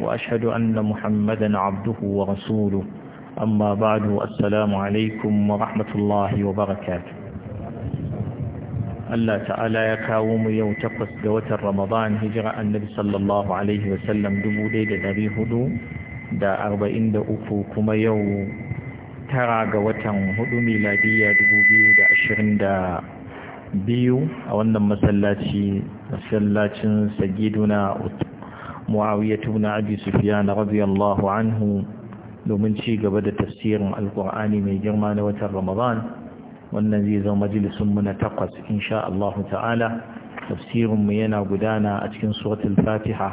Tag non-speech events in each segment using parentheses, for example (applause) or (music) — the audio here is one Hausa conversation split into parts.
وأشهد أن محمدا amma ورسوله أما بعد السلام wa ورحمة الله وبركاته Allah ta’ala ya kawo mu yau takwas ga watan Ramadan hijira annabi sallallahu Alaihi da 1443 kuma yau tara ga watan hudu miladiyya 2022 a wannan masallaci masallacin sagiduna معاوية بن أبي سفيان رضي الله عنه domin ci gaba da tafsirin alkur'ani mai girma na watan ramadan wannan zai zama majalisunmu na takwas insha Allah ta'ala tafsirinmu yana gudana a cikin suratul fatiha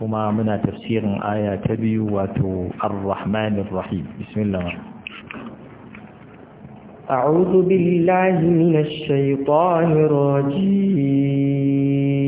kuma muna tafsirin aya ta biyu wato ar-rahmanir rahim bismillah أعوذ بالله من الشيطان الرجيم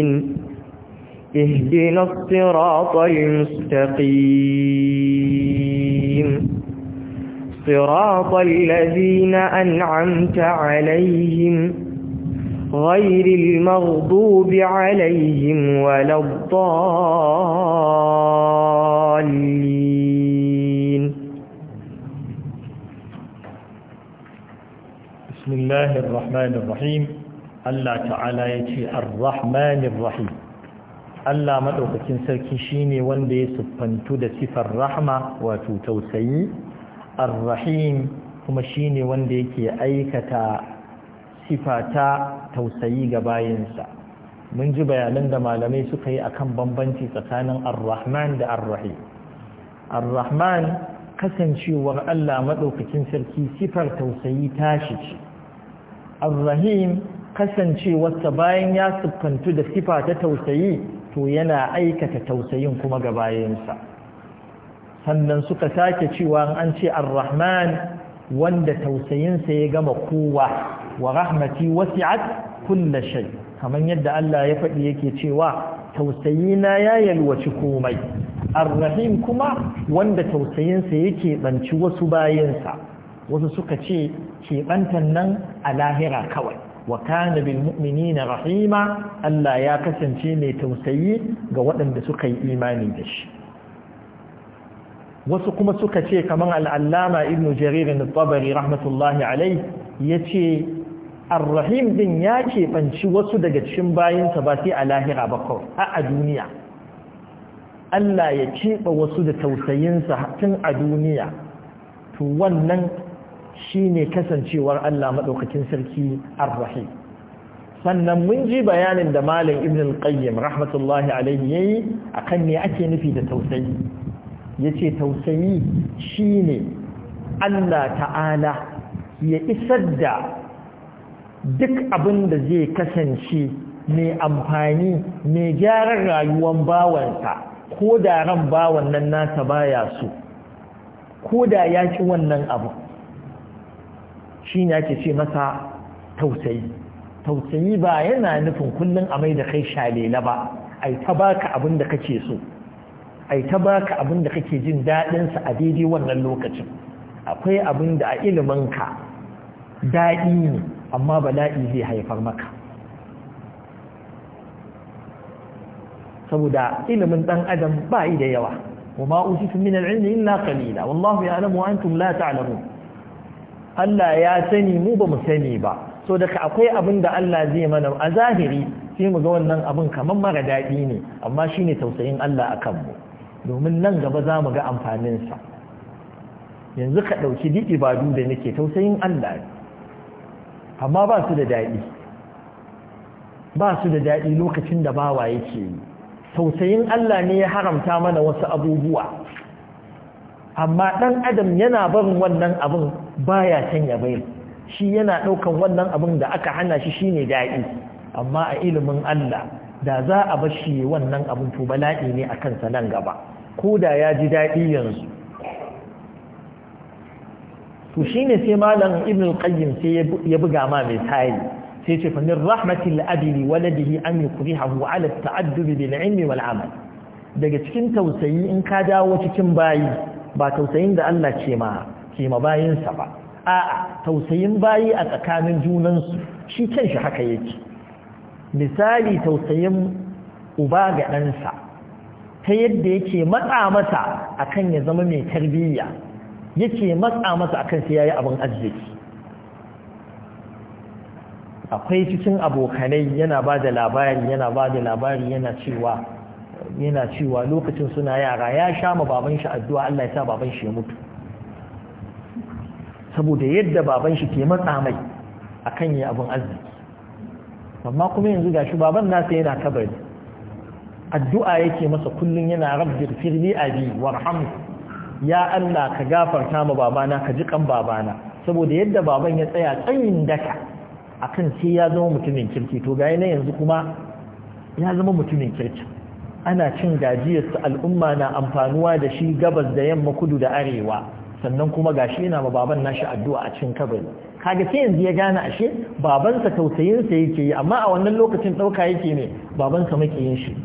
الدين اهدنا الصراط المستقيم صراط الذين أنعمت عليهم غير المغضوب عليهم ولا الضالين بسم الله الرحمن الرحيم Allah ta'ala ya ce ar-rahmanir rahim Allah madaukakin sarki shine wanda ya siffantu da sifar rahma wato tausayi ar-rahim kuma shine wanda yake aikata sifata tausayi ga bayinsa mun ji bayanan da malamai suka yi akan bambanci tsakanin ar da ar-rahim kasancewar Allah madaukakin sarki sifar tausayi tashi ce ar kasancewarsa bayan ya siffantu da sifa ta tausayi to yana aikata tausayin kuma ga bayansa sannan suka sake cewa an ce ar-rahman wanda tausayinsa ya gama kowa wa rahmati wasi'at kulla shay kamar yadda Allah ya faɗi yake cewa tausayina ya yalwaci komai ar-rahim kuma wanda tausayinsa yake banci wasu bayansa wasu suka ce ke bantan nan a lahira kawai wa kana bil mu'minina rahima Allah ya kasance mai tausayi ga waɗanda suka yi imani da shi wasu kuma suka ce kamar al'allama ibnu jarir al-tabari rahmatullahi alai yace ar-rahim din ya keɓanci wasu daga cikin bayinsa ba sai a lahira ba ko a duniya Allah ya keɓa wasu da tausayinsa tun a duniya to wannan Shi ne kasancewar Allah maɗaukacin sarki ar sannan mun ji bayanin da malam ibn al-qayyim rahmatullahi yi yayi akan ne ake nufi da tausayi Ya ce tausayi shi ne Allah ta'ala ya isar da duk abin da zai kasance mai amfani mai gyaran rayuwan bawansa ko da ran bawan nan nasa baya su ko da ya ci wannan abu shi ne ake ce masa tausayi tausayi ba yana nufin kullum a mai da kai shalela ba ai ta baka abin da kake so ai ta baka abin da kake jin daɗinsa a daidai wannan lokacin akwai abin da a iliminka daɗi ne amma bala'i zai haifar maka saboda ilimin ɗan adam ba da yawa wa ma'ujitu min al'ilmi illa qalila wallahu ya'lamu wa antum la ta'lamun Allah ya sani mu ba mu sani ba so daga akwai abin da Allah zai mana a zahiri sai mu ga wannan abin kamar mara daɗi ne amma shine tausayin Allah a kanmu domin nan gaba za mu ga amfaninsa yanzu ka ɗauki duk ibadu da nake tausayin Allah ne amma ba su da daɗi ba su da daɗi lokacin da bawa yake yi tausayin Allah ne ya haramta mana wasu abubuwa amma ɗan adam yana barin wannan abin baya san ya bai? shi yana ɗaukan wannan abin da aka hana shi shine daɗi amma a ilimin Allah da za a bar shi wannan abin to bala'i ne a sa nan gaba ko da ya ji daɗi yanzu to shine sai malam ibn qayyim sai ya buga ma mai tayi sai ce fannin rahmatil abi waladihi an yukrihahu ala at-ta'addub bil ilmi wal amal daga cikin tausayi in ka dawo cikin bayi ba tausayin da Allah ce ma ke ma bayinsa ba a'a tausayin bayi a tsakanin junansu shi kan shi haka yake misali tausayin uba ga ɗansa ta yadda yake matsa masa akan ya zama mai tarbiyya yake matsa masa akan sai yayi abin arziki akwai cikin abokanai yana ba da labari yana ba da labari yana cewa yana cewa lokacin suna yara ya sha ma baban shi addu'a Allah ya sa baban shi ya mutu saboda yadda baban shi ke matsa mai kan yi abin arziki amma kuma yanzu gashi baban nasa yana kabari addu'a yake masa kullum yana rabbi firli abi warham ya Allah ka gafarta ma babana ka ji babana saboda yadda baban ya tsaya tsayin daka akan sai ya zama mutumin kirki to ga yana yanzu kuma ya zama mutumin kirki ana cin gajiyar al'umma na amfanuwa da shi gabas da yamma kudu da arewa sannan kuma gashi yana ma baban nashi addu'a a cikin kabari kaga sai yanzu ya gane ashe babansa tausayinsa yake yi amma a wannan lokacin ɗauka yake ne babansa makiyin shi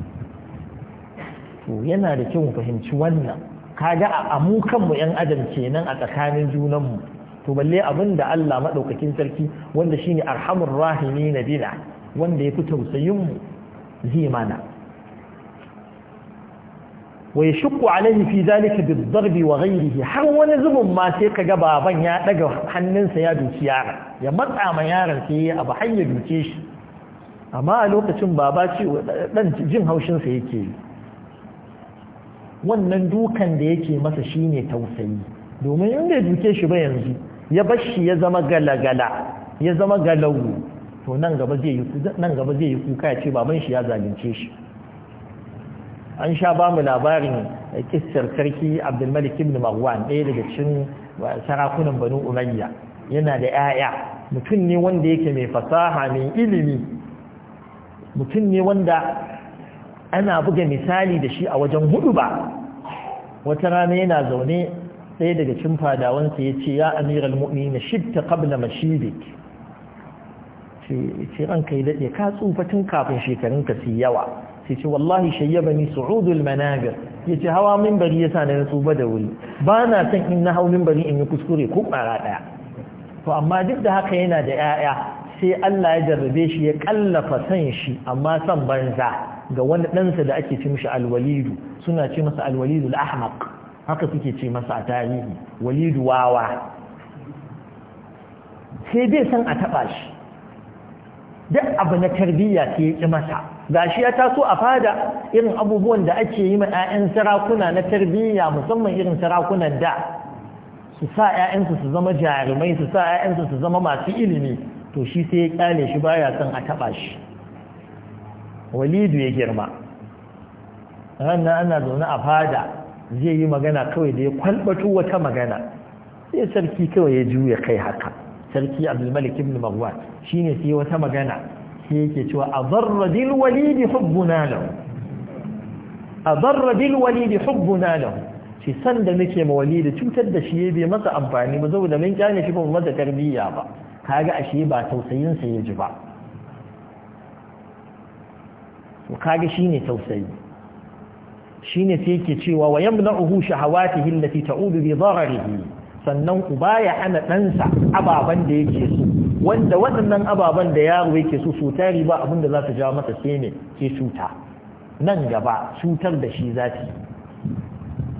to yana da kyau fahimci wannan kaga a mu kanmu yan adam kenan a tsakanin junan mu to balle abin da Allah madaukakin sarki wanda shine arhamur rahimin bina wanda ya fi tausayin mu zai mana ويشق عليه في ذلك بالضرب وغيره har wani zubin ma sai kaga baban ya daga hannunsa ya duci yaron ya matsa ma yaran sai ya a hanyar duke shi amma a lokacin baba ce jin haushin sa yake yi wannan dukan da yake masa shine tausayi domin in bai duke shi ba yanzu ya bar shi ya zama galagala ya zama galau to nan gaba zai yi kuka ya ce baban shi ya zalunce shi an sha ba mu labarin kissar sarki abdulmalik ibn marwan ɗaya daga cin sarakunan banu umayya yana da 'ya'ya mutum ne wanda yake mai fasaha mai ilimi mutum ne wanda ana buga misali da shi a wajen hudu ba wata rana yana zaune ɗaya daga cin fadawansa ya ce ya amiral na shibta qabla mashidik ce ranka ya daɗe ka tsufa tun kafin shekarunka su yawa sai ce wallahi ni su'udul manabir yace hawa minbari yasa na tsuba da wuri ba na san in na hau minbari in yi kuskure ko kara daya to amma duk da haka yana da 'ya'ya sai Allah ya jarrabe shi ya kallafa san shi amma san banza ga wani ɗansa da ake ce mishi alwalidu suna ce masa alwalidu al-ahmaq haka suke ce masa a tarihi walidu wawa sai bai san a taɓa shi duk abu na tarbiyya sai ya ƙi masa gashi ya taso a fada irin abubuwan da ake yi ma 'ya'yan sarakuna na tarbiyya musamman irin sarakunan da su sa 'ya'yansu su zama jarumai su sa 'ya'yansu su zama masu ilimi to shi sai ya kyale shi baya son a taɓa shi walidu ya girma ranar ana zaune a fada zai yi magana kawai da ya kwalbatu wata magana sai sarki kawai ya juya kai haka sarki abdulmalik ibn shi shine sai wata magana shi yake cewa a zarradil walidi hubbuna lahu a zarradil walidi hubbuna lahu shi san da muke ma walidi cutar da shi ya bai masa amfani ba saboda mun kyane shi ba mu masa tarbiyya ba kaga ashe ba tausayin sa ya ji ba to kaga shine tausayi shine sai yake cewa wa yamna'uhu shahawatihi allati ta'udu bi dararihi sannan uba ana hana ɗansa ababen da yake so wanda waɗannan ababen da yaro yake so su tari ba abin da za ta jawo masa sai ne ke cuta nan gaba cutar da shi za ta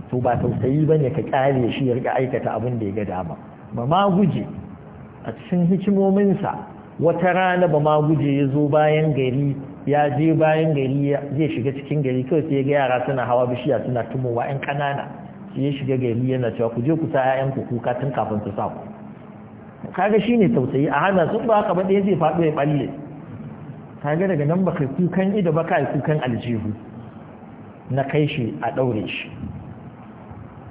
to ba tausayi ba ne ka ƙare shi ya riƙa aikata abin da ya ga dama ba ma guje a cikin hikimominsa wata rana ba ma guje ya zo bayan gari ya je bayan gari zai shiga cikin gari kawai sai ga yara suna hawa bishiya suna tumowa 'yan kanana sai ya shiga gari yana cewa ku je ku sa 'ya'yanku kuka tun kafin su sa ku kaga shi ne tausayi a hana sun ba haka ba ɗaya zai faɗo ya ɓalle kaga daga nan baka kukan ido ba yi kukan aljihu na kai shi a ɗaure shi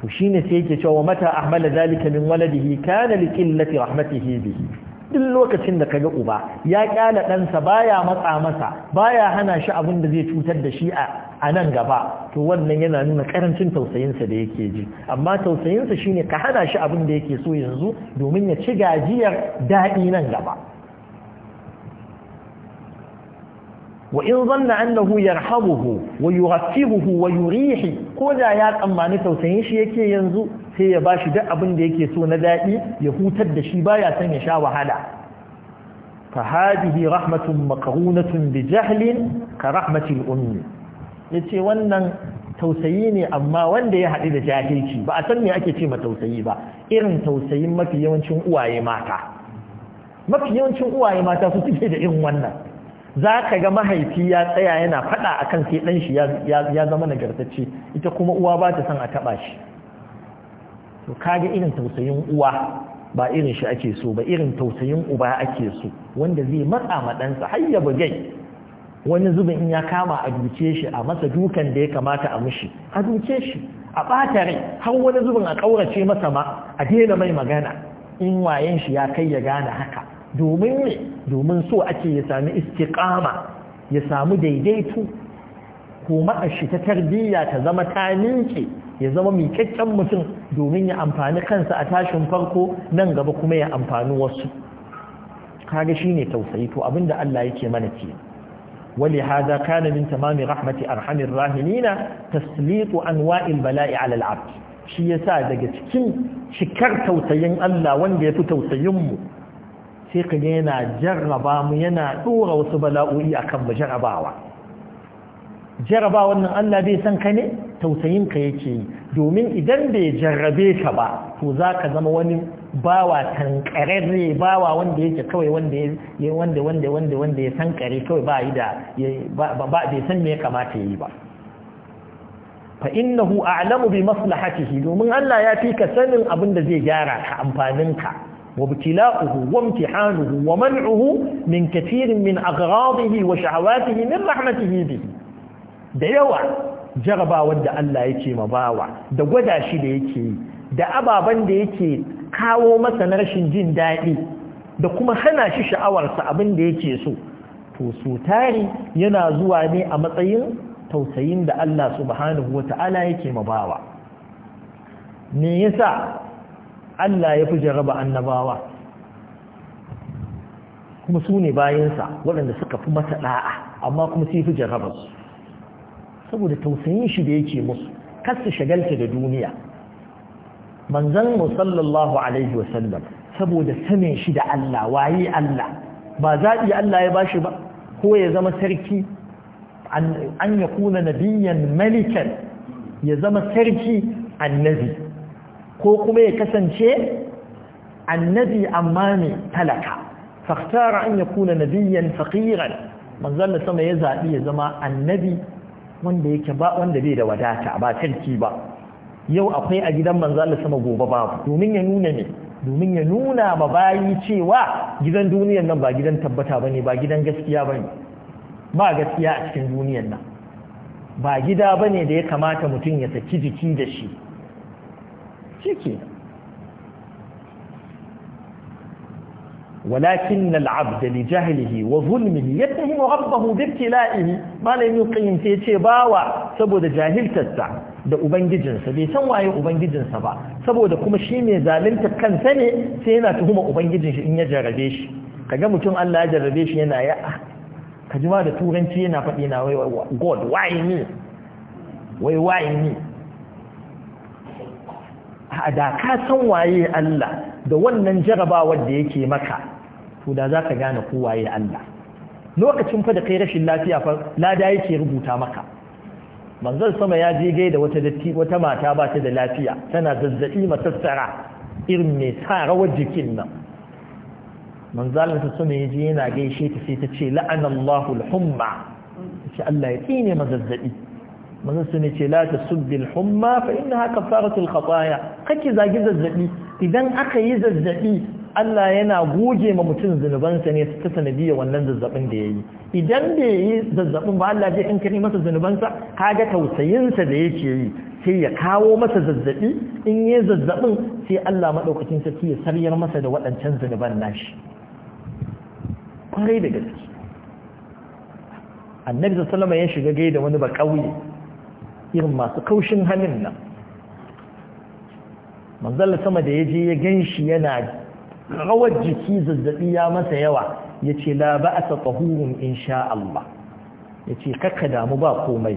to shine sai yake cewa mata ahmala zalika min waladihi kana li qillati rahmatihi bihi duk lokacin da kaga uba ya kyala ɗansa baya matsa masa baya hana shi abin da zai cutar da shi a nan gaba to wannan yana nuna karancin tausayinsa da yake ji amma tausayinsa shine ka hana shi abin da yake so yanzu domin ya ci gajiyar daɗi nan gaba wa in zanna annahu yarhabuhu wa yughassibuhu wa yurihi ko da ya tsammani tausayin shi yake yanzu sai ya bashi duk abin da yake so na daɗi ya hutar da shi baya san ya sha wahala fa hadihi rahmatun maqrunatun bi jahlin ka rahmatil ummi yace wannan tausayi ne amma wanda ya haɗu da jahilci ba a san me ake ce ma tausayi ba irin tausayin mafi yawancin uwaye mata mafi yawancin uwaye mata su suke da irin wannan za ka ga mahaifi ya tsaya yana faɗa akan sai ɗan shi ya zama nagartacce ita kuma uwa ba ta san a taɓa shi to kaga irin tausayin uwa ba irin shi ake so ba irin tausayin uba ake so wanda zai matsa ma ɗansa har ya bugai wani zubin in ya kama a duke shi a masa dukan da ya kamata a mushi a duke shi a bata rai har wani zubin a ƙaurace masa ma a daina mai magana in wayen shi ya kai ya gane haka domin ne domin so ake ya sami kama ya samu daidaito ko shi ta tarbiyya ta zama ta ninke ya zama miƙaƙƙen mutum domin ya amfani kansa a tashin farko nan gaba kuma ya amfani wasu kaga shine tausayi to abinda Allah yake mana ce wali hada kana min tamami rahmati arhamir rahimina tasliqu anwa'il bala'i 'ala al-'abd shi yasa daga cikin cikar tausayin Allah wanda ya fi tausayin mu sai ka ga yana jarraba mu yana dora wasu bala'o'i akan mu jarrabawa jarrabawa wannan Allah bai san ka ne tausayin ka yake yi domin idan bai jarrabe ka ba to za ka zama wani bawa tankararre bawa wanda yake kawai wanda ya san kare ya kawai ba yi da ba bai san me ya kamata yi ba fa innahu a'lamu bi maslahatihi domin Allah ya fi ka sanin abin da zai gyara ka amfanin ka wa man'uhu min ومنعه min كثير wa أغراضه وشهواته من bi da yawa. jarabawar da Allah yake ma bawa da gwada shi da yake yi da ababen da yake kawo masa na rashin jin daɗi da kuma hana shi sha'awarsa abin da yake so to su tari yana zuwa ne a matsayin tausayin da Allah subhanahu Wata'ala ta'ala yake ma bawa me yasa Allah ya fi jaraba annabawa kuma su ne bayansa waɗanda suka fi masa ɗa'a amma kuma sai fi jarabarsu saboda tausayin shi da yake musu kar su shagalta da duniya manzon mu sallallahu alaihi wasallam saboda sanin shi da Allah waye Allah ba zaɓi Allah ya bashi ba ko ya zama sarki an ya kuna nabiyan malikan ya zama sarki annabi ko kuma ya kasance annabi amma ne talaka faktara an ya kuna nabiyan faƙiran manzan da sama ya zaɓi ya zama annabi wanda yake ba wanda bai da wadata ba sarki ba yau akwai a gidan manzo Allah sama gobe babu domin ya nuna ne domin ya nuna ma bayi cewa gidan duniyar nan ba gidan tabbata bane ba gidan gaskiya bane ba gaskiya a cikin duniyar nan ba gida bane da ya kamata mutum ya saki jiki da shi kenan ولكن العبد لجهله وظلمه يتهم ربه بابتلائه ما لم يقيم في تباوى سبود جاهل تسع da ubangijinsa bai san waye ubangijinsa ba saboda kuma shi ne zalunta kansa ne sai yana tuhuma ubangijinsa in ya jarrabe shi kaga mutum Allah ya jarrabe shi yana ya ka ji ma da turanci yana faɗi na wai god why me wai why me a da ka san waye Allah da wannan jarabawar da yake maka to da za ka gane kowaye da Allah lokacin fa da kai rashin lafiya fa lada yake rubuta maka manzon sama ya je gai da wata datti wata mata ba ta da lafiya tana zazzabi matassara irin mai sa rawar jikin nan manzalin ta sama ya je yana gaishe ta sai ta ce la'anallahu al-humma ce Allah ya tsine ma zazzabi manzon sama ce la tasubbi al-humma fa innaha kafaratul khataya kake zagi zazzabi idan aka yi zazzabi Allah yana goge ma mutum zunubansa ne ta sanadiyar wannan zazzabin da ya yi idan bai yi zazzabin ba Allah zai kankani masa zunubansa kaga tausayinsa da yake yi sai ya kawo masa zazzabi in yi zazzabin sai Allah maɗaukacin sarki ya saryar masa da waɗancan zunuban nashi kwarai da gaske annabi sallama ya shiga gaida da wani ba irin masu kaushin hannun nan manzalla sama da ya je ya gan shi yana rawar jiki zazzabi ya masa yawa ya ce la ba a taɓahurun insha Allah ya ce kakka damu ba komai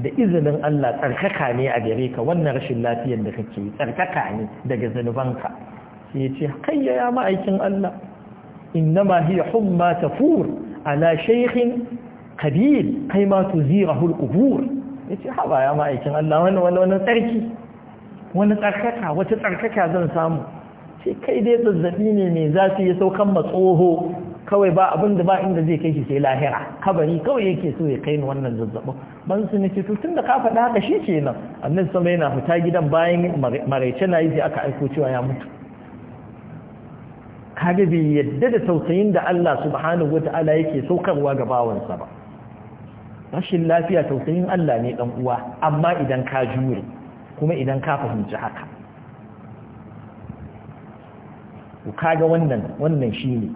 da izinin Allah tsarkaka ne a gare ka wannan rashin lafiyar da kake tsarkaka ne daga zanubanka sai ya ce kayya ya ma'aikin Allah ma hiya humma tafur ala shaykhin qabil kai ma tuzirahu al Ya ce haba ya ma'aikin Allah wani wani tsarki wani tsarkaka wata tsarkaka zan samu sai kai dai zazzabi ne mai zafi ya saukan matsoho kawai ba abin da ba inda zai kai shi sai lahira kabari kawai yake so ya kai ni wannan zazzabin ban su ne to tun da ka faɗa haka shi kenan annabi sama yana fita gidan bayan maraice na yi sai aka aiko cewa ya mutu kaga bai yadda da tausayin da Allah subhanahu wata'ala yake saukarwa ga bawansa ba rashin lafiya tausayin Allah ne dan uwa amma idan ka jure kuma idan ka fahimci haka ku kaga wannan wannan shine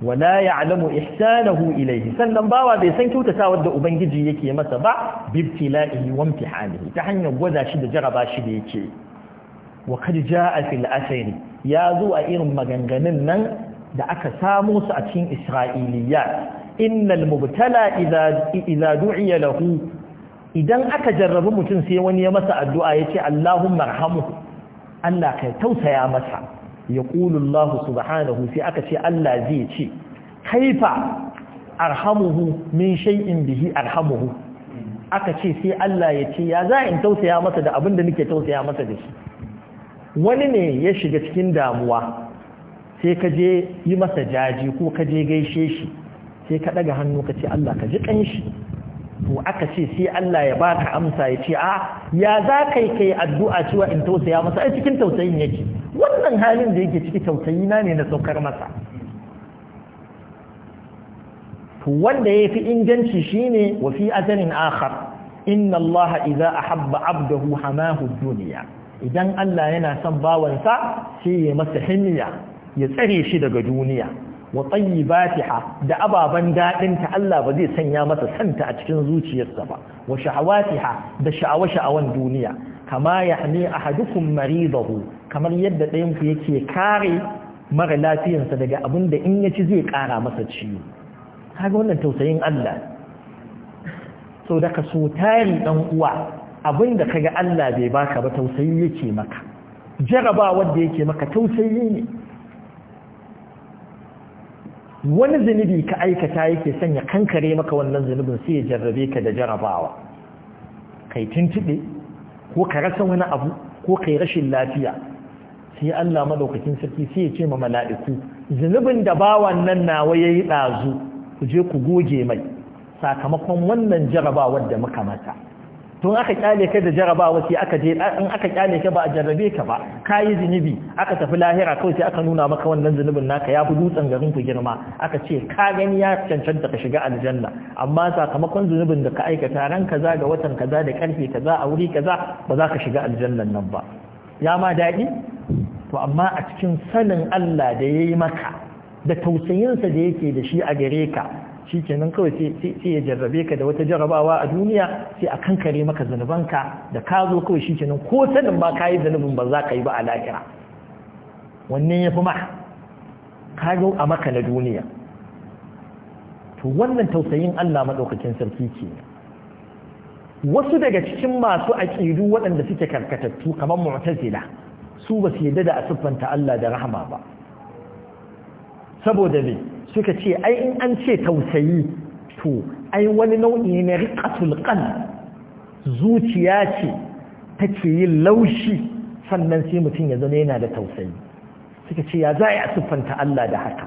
wala ya'lamu ihsanahu ilayhi sannan bawa bai san kyautatawar da ubangiji yake masa ba bibtila'ihi wa imtihanihi ta hanyar gwada shi da jaraba shi da yake wa kad ja'a fil asri ya zo a irin maganganun nan da aka samo su a cikin isra'iliya innal mubtala idza idza du'iya lahu idan aka jarrabi mutum sai wani ya masa addu'a yace ce Allahumma arhamu Allah ka tausaya masa ya ƙulun Allah subhanahu sai aka ce Allah zai ce, Kaifa arhamuhu min shay'in bihi arhamuhu aka ce sai Allah ya ce ya za in tausaya masa da abin da nake tausaya masa da shi. Wani ne ya shiga cikin damuwa sai ka je yi masa jaji ko ka je gaishe shi sai ka daga hannu ka ce Allah ka ji ƙanshi. To aka ce sai Allah ya ba ka amsa ya ce a ya za kai kai addu'a cewa in tausaya masa a cikin tausayin yake. wannan halin da yake ciki tausayi na ne na saukar masa wanda ya fi inganci shine wa fi akhar inna Allah idza ahabba abdahu hamahu duniya idan Allah yana son bawansa sai ya masa himiya ya tsare shi daga duniya wa tayyibatiha da ababen daɗinta Allah ba zai sanya masa santa a cikin zuciyarsa ba wa shahawatiha da sha'awa sha'awan duniya kama ya hane ahadukum maridahu kamar yadda ɗayan yake kare mara lafiyarsa daga abin da in ya ci zai kara masa ciwo kaga wannan tausayin Allah so daga so tari ɗan uwa abin da kaga Allah bai baka ba tausayi yake maka jaraba wanda yake maka tausayi ne wani zunubi ka aikata yake sanya kankare maka wannan zunubin sai ya jarrabe ka da jarabawa kai tuntuɓe ko ka rasa wani abu ko ka yi rashin lafiya sai Allah madaukakin sarki sai ya ce ma mala'iku zunubin da bawan nan nawa yayi ɗazu ku je ku goge mai sakamakon wannan jarabawar da muka mata tun aka kyale ka da jarabawa sai aka je in aka kyale ka ba a jarrabe ka ba kayi zunubi aka tafi lahira kawai sai aka nuna maka wannan zunubin naka ya fi dutsen garin ku girma aka ce ka gani ya cancanta ka shiga aljanna amma sakamakon zunubin da ka aikata ran kaza ga watan kaza da karfe kaza a wuri kaza ba za ka shiga aljannan nan ba ya ma daɗi to amma a cikin sanin Allah da yayi maka da tausayinsa da yake da shi a gare ka shi kenan kawai sai ya jarrabe ka da wata jarrabawa a duniya sai a kankare maka zanubanka da ka zo kawai shi kenan ko sanin ba ka yi zanubin ba za ka yi ba a lahira wannan ya fi ma ka zo a maka na duniya to wannan tausayin Allah maɗaukakin sarki ke wasu daga cikin masu aƙidu waɗanda suke karkatattu kamar mu'tazila su ba su yadda da a siffanta Allah da rahama ba saboda me suka ce ai in an ce tausayi to ai wani nau'i ne riqatul qalb zuciya ce take yin laushi sannan sai mutum ya zama yana da tausayi suka ce ya za a siffanta Allah da haka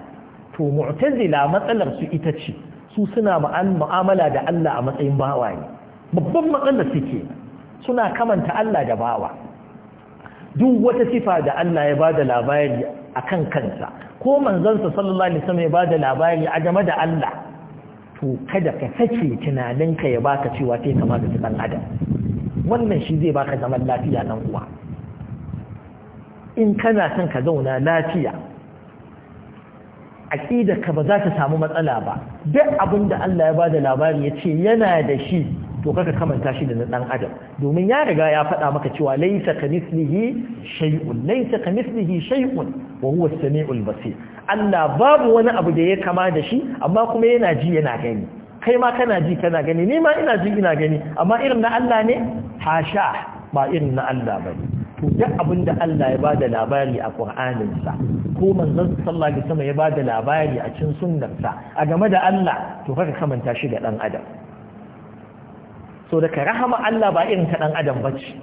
to mu'tazila matsalar su ita ce su suna mu'amala da Allah a matsayin bawa ne babban matsalar suke suna kamanta Allah da bawa duk wata sifa da Allah ya bada labari akan kansa ko manzansa sallallahu alaihi wasallam ya bada labari a game da Allah to kada ka sace tunaninka ya baka cewa kai kama da dan adam wannan shi zai baka zaman lafiya nan uwa in kana son ka zauna lafiya aqidarka ba za ta samu matsala ba duk abinda da Allah ya bada labari ya ce yana da shi to kaka kamanta shi da na ɗan adam domin ya riga ya faɗa maka cewa laysa kamithlihi shay'un laysa kamithlihi shay'un wa huwa as-sami'ul basir Allah babu wani abu da ya kama da shi amma kuma yana ji yana gani kai ma kana ji kana gani ni ma ina ji ina gani amma irin na Allah ne hasha ba irin na Allah bane to duk abin da Allah ya bada labari a Qur'anin sa ko manzon sallallahu alaihi wasallam ya bada labari a cikin sunnar a game da Allah to kaka kamanta shi da ɗan adam so ka rahama Allah ba irin ta ɗan adam ce,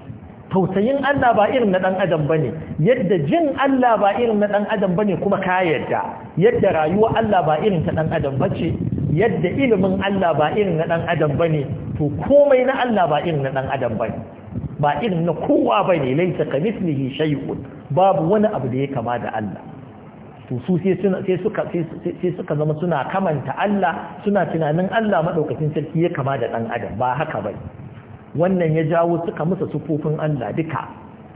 tausayin Allah ba irin na ɗan adam bane yadda jin Allah ba irin na ɗan adam bane kuma ka yadda yadda rayuwa Allah ba irin ta ɗan adam bace yadda ilimin Allah ba irin na ɗan adam bane to komai na Allah ba irin na ɗan adam bane ba irin na kowa bane laysa kamithlihi shay'un babu wani abu da ya kama da Allah to su sai suka zama suna kamanta Allah suna tunanin Allah maɗaukacin sarki ya kama da ɗan adam ba haka bai wannan ya jawo suka musa sufofin Allah duka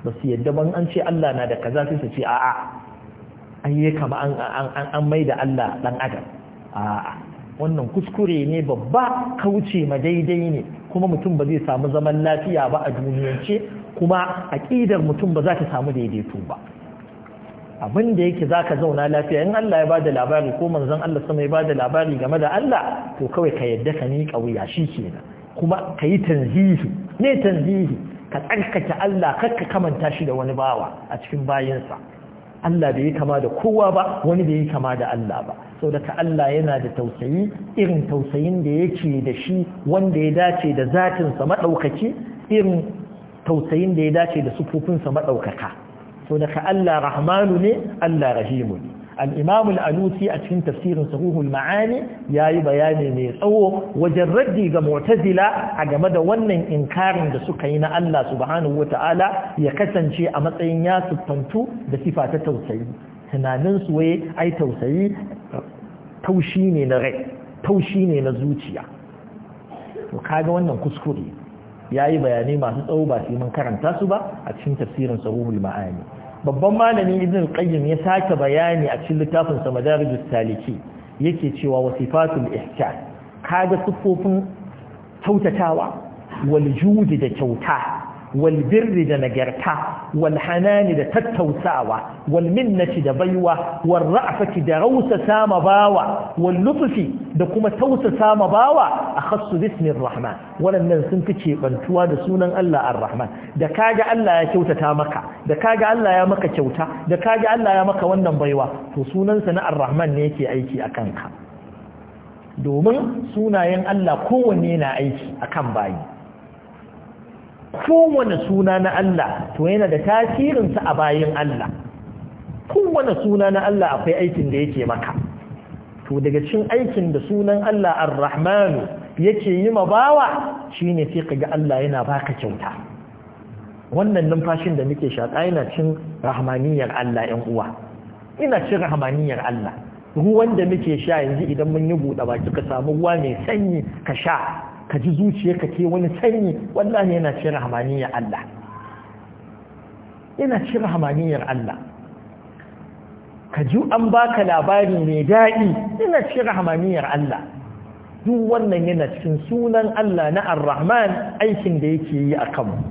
ba su yadda ban an ce Allah na da kaza sai su ce a'a an yi kama an mai da Allah ɗan adam a'a wannan kuskure ne babba kauce ma daidai ne kuma mutum ba zai samu zaman lafiya ba a duniyance kuma aƙidar mutum ba za ta samu daidaito ba abin da yake za ka zauna lafiya in Allah ya ba da labari ko manzon Allah sama ya ba da labari game da Allah to kawai ka yadda ka miƙa wuya shi ke kenan kuma ka yi tanzihi ne tanzihi ka tsarkake Allah kar ka kamanta shi da wani bawa a cikin bayansa Allah bai yi kama da kowa ba wani bai yi kama da Allah ba sau daga Allah yana da tausayi irin tausayin da yake da shi wanda ya dace da zatinsa maɗaukaki irin tausayin da ya dace da sufufinsa maɗaukaka so daga Allah rahmanu ne Allah rahimu ne al'imam alusi a cikin tafsirin sahuhul ma'ani ya yi bayani mai tsawo wajen raddi ga mutazila a game da wannan inkarin da suka yi na Allah subhanahu wa ta'ala ya kasance a matsayin ya siffantu da sifa ta tausayi tunaninsu wai ai tausayi taushi ne na rai taushi ne na zuciya to kaga wannan kuskure ya yi bayani masu tsawo ba yi mun karanta su ba a cikin tafsirin sahuhul ma'ani babban malami ibn qayyim ya sake bayani a cikin littafin sa madarijus saliki yake cewa wasifatul ihsan kaga sifofin tautatawa wal judi da kyauta wal birri da nagarta walhanani da tattausawa wal minnati da baiwa wal ra'afati da rausa sama bawa wal da kuma tausa sama bawa akhassu bismir rahman wannan sun fi cebantuwa da sunan Allah ar-rahman da kaga Allah ya kyautata maka da kaga Allah ya maka kyauta da kaga Allah ya maka wannan baiwa to sunan na ar-rahman ne yake aiki akan ka domin sunayen Allah kowanne na aiki akan bayi kowane suna na Allah to yana da tasirinsa a bayan Allah kowane suna na Allah akwai aikin da yake maka to daga cin aikin da sunan Allah ar-rahmanu yake yi ma bawa shine sai ga Allah yana baka kyauta wannan numfashin da muke shaka yana cin rahmaniyar Allah ɗan uwa ina cin rahmaniyar Allah ruwan da muke sha yanzu idan mun yi buɗe baki ka samu ruwa mai sanyi ka sha ka ji zuciyarka ke wani sanyi wallahi yana cikin rahmaniyar Allah yana cikin rahmaniyar Allah ka ji an baka labari mai daɗi yana cikin rahmaniyar Allah duk wannan yana cikin sunan Allah na Ar-Rahman aikin da yake yi a kanmu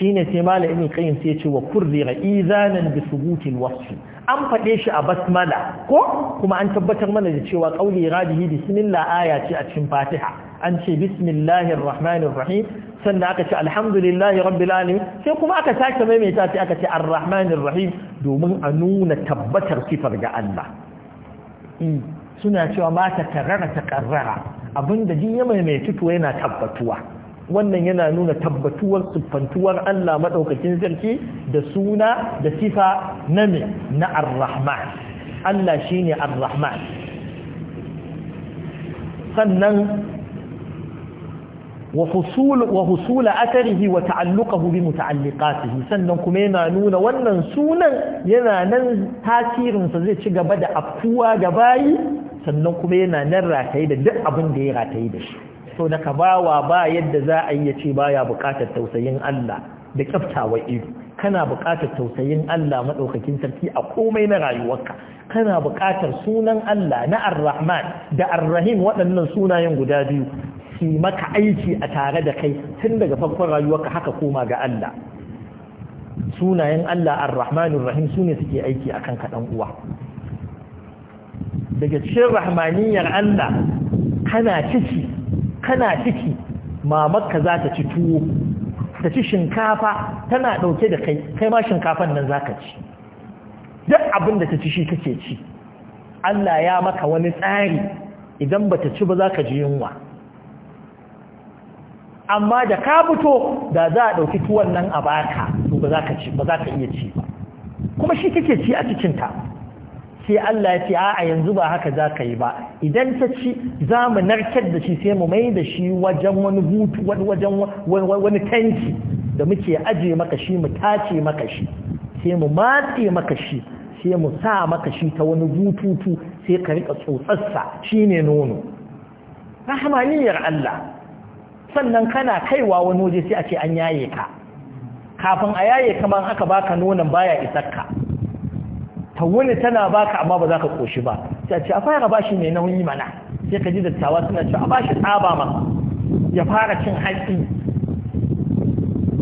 shine sai malamin qayyim sai ya ce wa kurriga izanan bi subutil wasf an fade shi a basmala ko kuma an tabbatar mana da cewa qauli radihi bismillah aya ce a cikin fatiha an ce bismillahir rahmanir rahim sannan aka ce alhamdulillahi rabbil alamin sai kuma aka sake maimaita sai aka ce arrahmanir rahim domin a nuna tabbatar sifar ga Allah hmm, suna cewa ma ta karara ta karara abinda jin ya maimaita to yana tabbatuwa wannan yana nuna tabbatuwar siffantuwar Allah madaukakin sarki da suna da sifa na me na ar-rahman Allah shine ar-rahman sannan wa husul wa husul wa ta'alluquhu bi muta'alliqatihi sannan kuma yana nuna wannan sunan yana nan tasirinsa zai ci gaba da afuwa ga bayi sannan kuma yana nan rataye da duk abin da ya rataye da shi so da ka bawa ba yadda za a yi ya ce baya buƙatar tausayin Allah da kyaftawa ido kana buƙatar tausayin Allah maɗaukakin sarki a komai na rayuwarka kana buƙatar sunan Allah na Ar-Rahman da Ar-Rahim waɗannan sunayen guda biyu su maka aiki a tare da kai tun daga farkon rayuwarka haka koma ga Allah sunayen Allah Ar-Rahman Ar-Rahim sune suke aiki akan ka dan uwa daga cikin rahmaniyar Allah kana ciki kana ciki mamakka za ta ci tuwo ta ci shinkafa tana ɗauke da kai kai ma shinkafan nan za ka ci duk abin da ta ci shi kake ci Allah ya maka wani tsari idan ba ta ci ba za ka ji yunwa amma da ka fito da za a ɗauki tuwon nan a baka to ba za ka iya ci ba kuma shi kake ci a cikinta sai Allah ya ce a'a yanzu ba haka za ka yi ba idan ta ci za mu narkar da shi sai mu mai da shi wajen wani hutu wajen wani tanki da muke aje maka shi mu tace maka shi sai mu matse maka shi sai mu sa maka shi ta wani bututu sai ka rika tsotsarsa shine nono rahmaniyar Allah sannan kana kaiwa wani waje sai a ce an yaye ka kafin a yaye kamar aka baka nonon baya isar ka ka wuni tana baka amma ba za ka koshi ba ta a ce a fara bashi mai nauyi mana sai ka ji dattawa suna cewa a bashi tsaba ma ya fara cin hatsi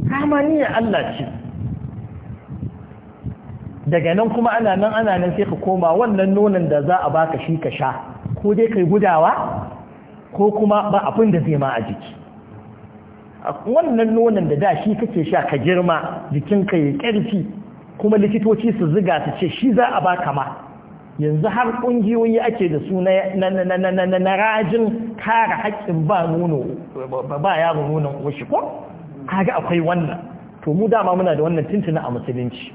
kamaniya Allah ce daga nan kuma ana nan ana nan sai ka koma wannan nonon da za a baka shi ka sha ko dai kai gudawa ko kuma ba abin da zai ma a jiki wannan nonon da da shi kake sha ka girma jikinka ya ƙarfi kuma likitoci su ziga su ce shi za a ba kama yanzu har ƙungiyoyi ake da su na rajin kare haƙƙin ba nuno ba yaro nonon wasu ko kaga akwai wannan to mu dama muna da wannan tuntuna a musulunci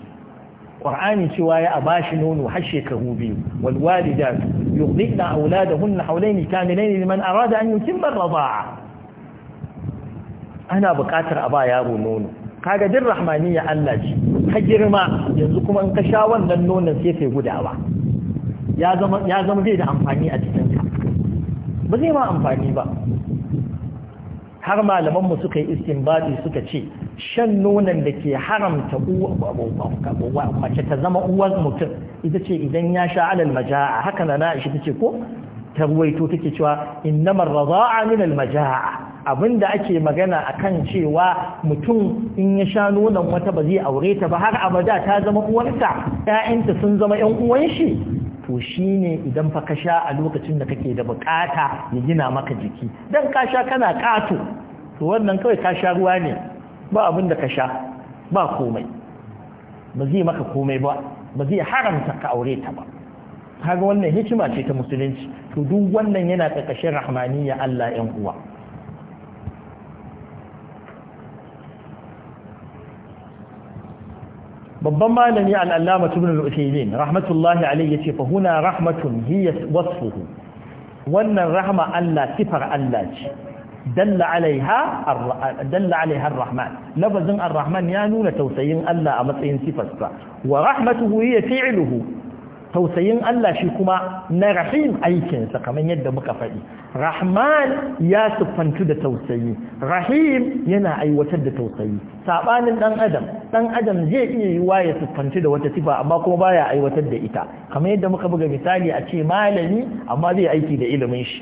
qur'ani cewa ya bashi nono har shekaru biyu wal walidat yughdina auladahunna hawlayn kamilayn liman arada an yutimma ar-rida'a ana buƙatar a ba yaro nono kaga din ya Allah ce ka girma yanzu kuma in ka sha wannan nonon sai sai gudawa ya zama ya zama da amfani a cikin ka ba zai ma amfani ba har malaman mu suka yi istinbadi suka ce shan nonon da ke haramta uwa mace ta zama uwar mutum ita ce idan ya sha alal maja'a haka na na shi tace ko ta ruwaito take cewa innamar raza'a min al maja'a da ake magana akan cewa mutum in ya sha nonon wata ba zai aure ta ba har abada ta zama uwarsa ƴaƴanta sun zama ƴan uwan shi to shine idan fa ka sha a lokacin da kake da bukata ya gina maka jiki dan ka sha kana kato to wannan kawai ka sha ruwa ne ba abin da ka sha ba komai ba zai maka komai ba ba zai haramta ka aure ta ba kaga wannan hikima ce ta musulunci to duk wannan yana ƙarƙashin rahmaniyya Allah 'yan uwa babban malami al'allama tubin al'utaimin rahmatullahi alayhi ya ce fahuna rahmatun hiya wasfuhu wannan rahma Allah sifar Allah ce dalla alaiha ar-rahman lafazin ar-rahman ya nuna tausayin Allah a matsayin sifarsa wa rahmatuhu hiya fi'luhu tausayin Allah shi kuma na rahim aikinsa kamar yadda muka faɗi rahman ya siffantu da tausayi rahim yana aiwatar da tausayi saɓanin ɗan adam ɗan adam zai iya wa ya siffantu da wata sifa amma kuma baya aiwatar da ita kamar yadda muka buga misali a ce malami amma zai aiki da ilimin shi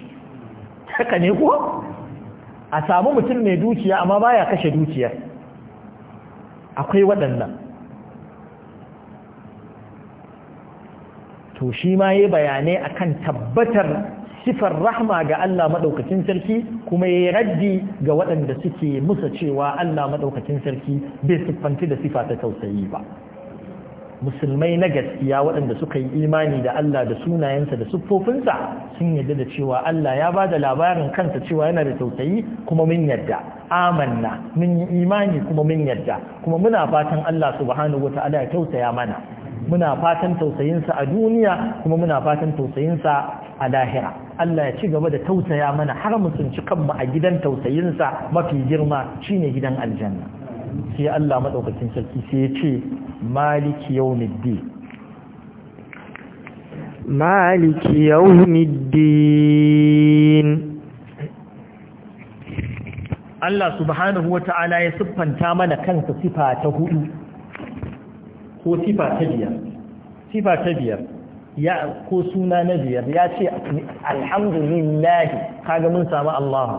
haka ne ko a samu mutum mai dukiya amma baya kashe dukiyar akwai waɗannan to shi ma yi bayanai akan tabbatar sifar rahma ga Allah maɗaukacin sarki kuma ya yi raddi ga waɗanda suke musa cewa Allah maɗaukacin sarki bai siffanci da sifa ta tausayi ba musulmai na gaskiya waɗanda suka yi imani da Allah da sunayensa da siffofinsa sun yarda da cewa Allah ya ba da labarin kansa cewa yana da tausayi kuma mun yadda. amanna mun yi imani kuma mun yadda kuma muna fatan Allah subhanahu Ta'ala ya tausaya mana muna fatan tausayinsa a duniya kuma muna fatan tausayinsa a lahira Allah ya ci gaba da tausaya mana har mu kanmu a gidan tausayinsa mafi girma shine gidan aljanna sai Allah madaukakin sarki sai ya ce maliki yawmiddin maliki yawmiddin Allah subhanahu ta'ala ya siffanta mana kansa sifa ta hudu ko sifa ta biyar sifa ta biyar ya ko suna na biyar ya ce alhamdulillah kaga mun samu Allah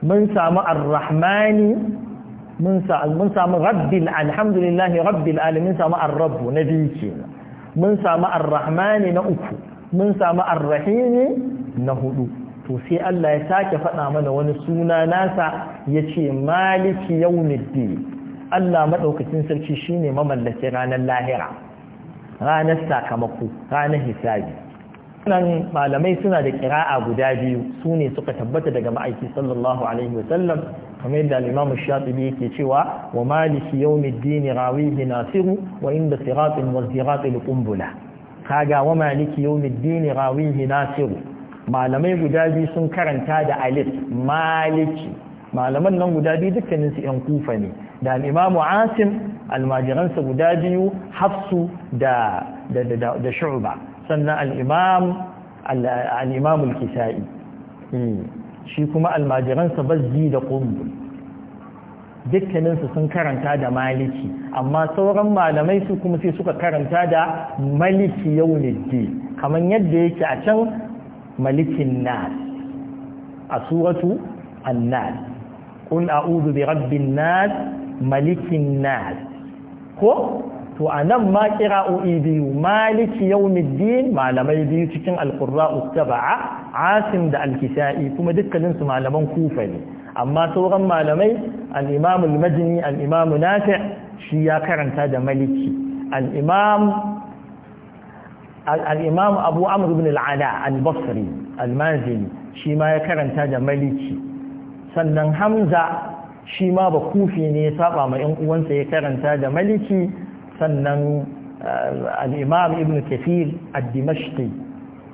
mun samu arrahmani mun samu rabbil rabbil alamin samu na biyu ce mun samu arrahmani na uku mun samu arrahimi na hudu to sai Allah ya sake faɗa mana wani suna nasa ya ce maliki yawmiddin Allah maɗaukacin sarki shine mamallakin ranar lahira ranar sakamako ranar hisabi nan malamai suna da kira'a guda biyu su ne suka tabbata daga ma'aiki sallallahu alaihi wasallam kamar yadda al-imam yake cewa wa maliki rawi rawihi nasiru wa inda siratin wa kumbula. Ka kaga wa maliki yau rawi rawihi nasiru malamai guda biyu sun karanta da alif maliki malaman nan guda biyu dukkaninsu yan kufa ne da imamu asim almajiransa guda biyu hafsu da da shu'ba sannan al kisai hmm. shi kuma almajiransa bazzi da qumbul Dukkaninsu su sun karanta da maliki amma sauran malamai su kuma sai suka karanta da maliki yau yawmiddin kamar yadda yake a can malikin nas a suratu annas قل أعوذ برب الناس ملك الناس ko to a nan ma ƙira'o'i biyu maliki yawmiddin malamai biyu cikin alƙurra'u saba'a asim da alkisa'i kuma dukkaninsu malaman kufa ne amma sauran malamai al'imamu majini al'imamu nafi shi ya karanta da maliki al'imamu abu amur bin al'ada al-basri al-mazini shi ma ya karanta da maliki sannan hamza shi ma ba kufi ne ya saba ma ‘yan uwansa ya karanta da maliki sannan eh, al'imam ibn kafir al-dimashqi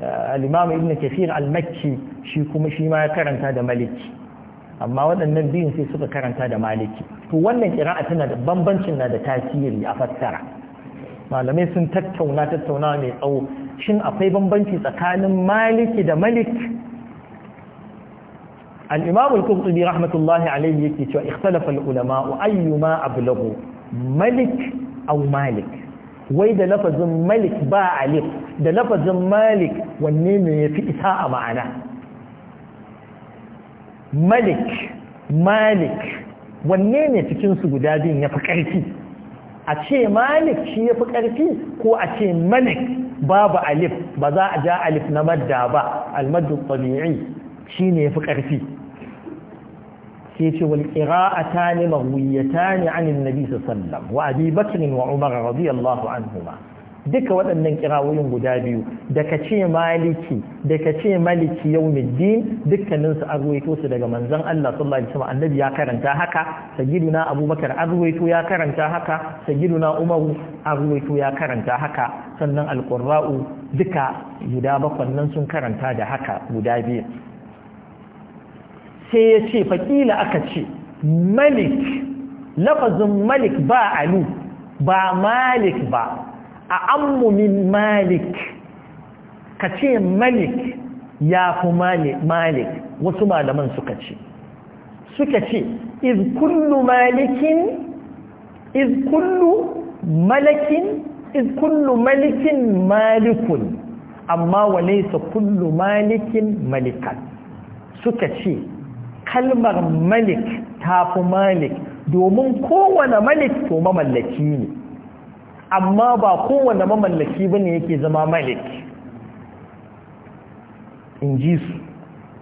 eh, al'imam ibn kafir al-makki shi kuma shi ma ya karanta da maliki amma waɗannan biyun sai suka karanta da maliki to wannan kira'a tana da bambancin na da tasiri a fassara malamai sun tattauna tattauna mai tsawo shin akwai bambanci tsakanin maliki da malik الإمام القرطبي رحمة الله عليه يكتب اختلف العلماء أيما أبلغ ملك أو مالك وإذا لفظ ملك باع ألف ده لفظ مالك والنين في إساءة معنا ملك مالك والنين في كنس قدادين يفكرتي أشي مالك شي يفكرتي هو أشي ملك باب ألف بذا جاء ألف نمد با المد الطبيعي شي يفكرتي sai ce wal qira'atani mawiyatani an annabi sallallahu wa abi bakr wa umar radiyallahu anhuma duka waɗannan kirawoyin guda biyu da ka ce maliki yau ka ce maliki yawmiddin dukkanin su arwaito su daga manzon Allah sallallahu alaihi wasallam annabi ya karanta haka sayyiduna abubakar arwaito ya karanta haka sayyiduna umar arwaito ya karanta haka sannan alqurra'u duka guda bakwan nan sun karanta da haka guda biyu sai ya ce faƙila aka ce malik lafazin malik ba alu ba malik ba a min malik ka ce malik ya fi malik wasu malaman suka ce suka ce izkullu kullu malikin izkullu kullu malakin malikin malikun amma wa laysa kullu malikin malikan suka ce kalmar malik ta fi malik domin kowane malik to mamallaki ne amma ba kowane mamallaki ba ne yake zama malik in ji su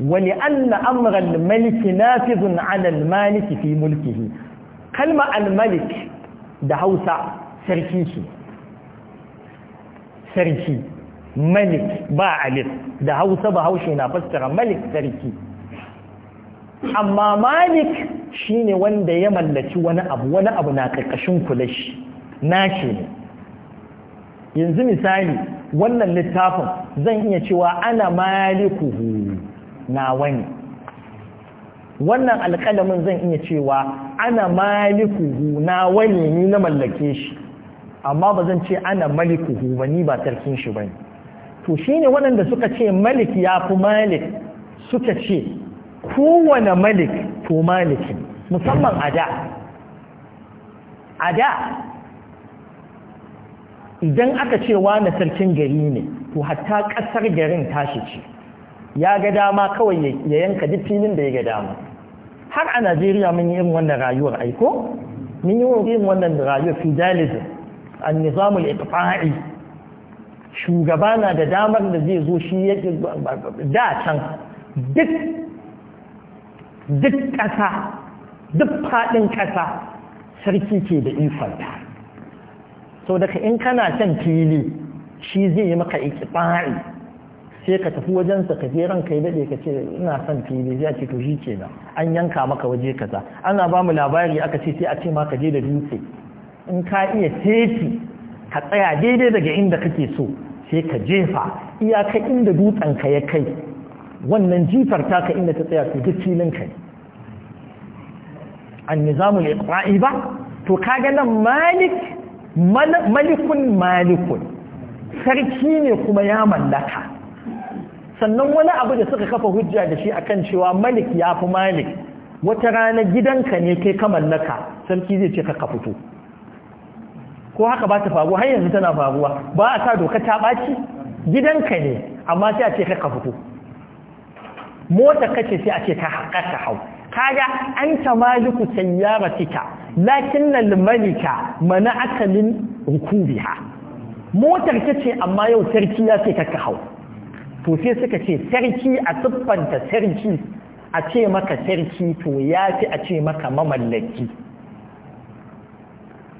wani an na amuran maliki na fi zun alal maliki fi mulki kalma al-malik da hausa sarki ce sarki malik ba alif da hausa ba haushe na fassara malik sarki amma malik shine wanda ya mallaki wani abu wani abu na ƙarƙashin kulashi nashi ne yanzu misali wannan littafin zan iya cewa ana malikuhu na wani wannan alƙalamin zan iya cewa ana malikuhu na wani ni na mallake shi amma ba zan ce ana malikuhu ba ni ba tarkin shi ba ne to shine waɗanda suka ce malik ya fi malik suka ce kowane malik to maliki musamman a da idan aka ce wani sarkin gari ne to hatta ƙasar garin tashi ce ya ga dama kawai ya yanka duk filin da ya ga dama har a najeriya mun yi irin wannan rayuwar aiko mun yi irin wannan rayuwar feudalism an nizamul iqfa'i shugaba na da damar da zai zo shi ya da can duk duk ƙasa duk faɗin ƙasa sarki ke da ikonta so daga in kana can fili shi zai yi maka ikibari sai ka tafi wajensa ka je ranka ya daɗe ka ce ina son fili zai ce to shi kenan an yanka maka waje ka kaza ana ba mu labari aka ce sai a ce maka je da dutse in ka iya tefi ka tsaya daidai daga inda kake so sai ka jefa iyaka inda dutsen ka ya kai wannan jifar taka inda ta tsaya su duk filin kai an nizamul iqra'i ba to kaga nan malik malikun malikun sarki ne kuma ya mallaka sannan wani abu da suka kafa hujja da shi akan cewa malik ya fi malik wata rana gidanka ne kai ka mallaka sarki zai ce ka fito ko haka ba ta faruwa har yanzu tana faruwa ba a sa doka ta ɓaci gidanka ne amma sai a ce ka fito mota kace sai a ce ka haƙa hau kaga an ta maliku sayyaratika lakinnal malika mana akalin rukubiha motar kace amma yau sarki ya ce ka hau to sai suka ce sarki a siffanta sarki a ce maka sarki to ya fi a ce maka mamallaki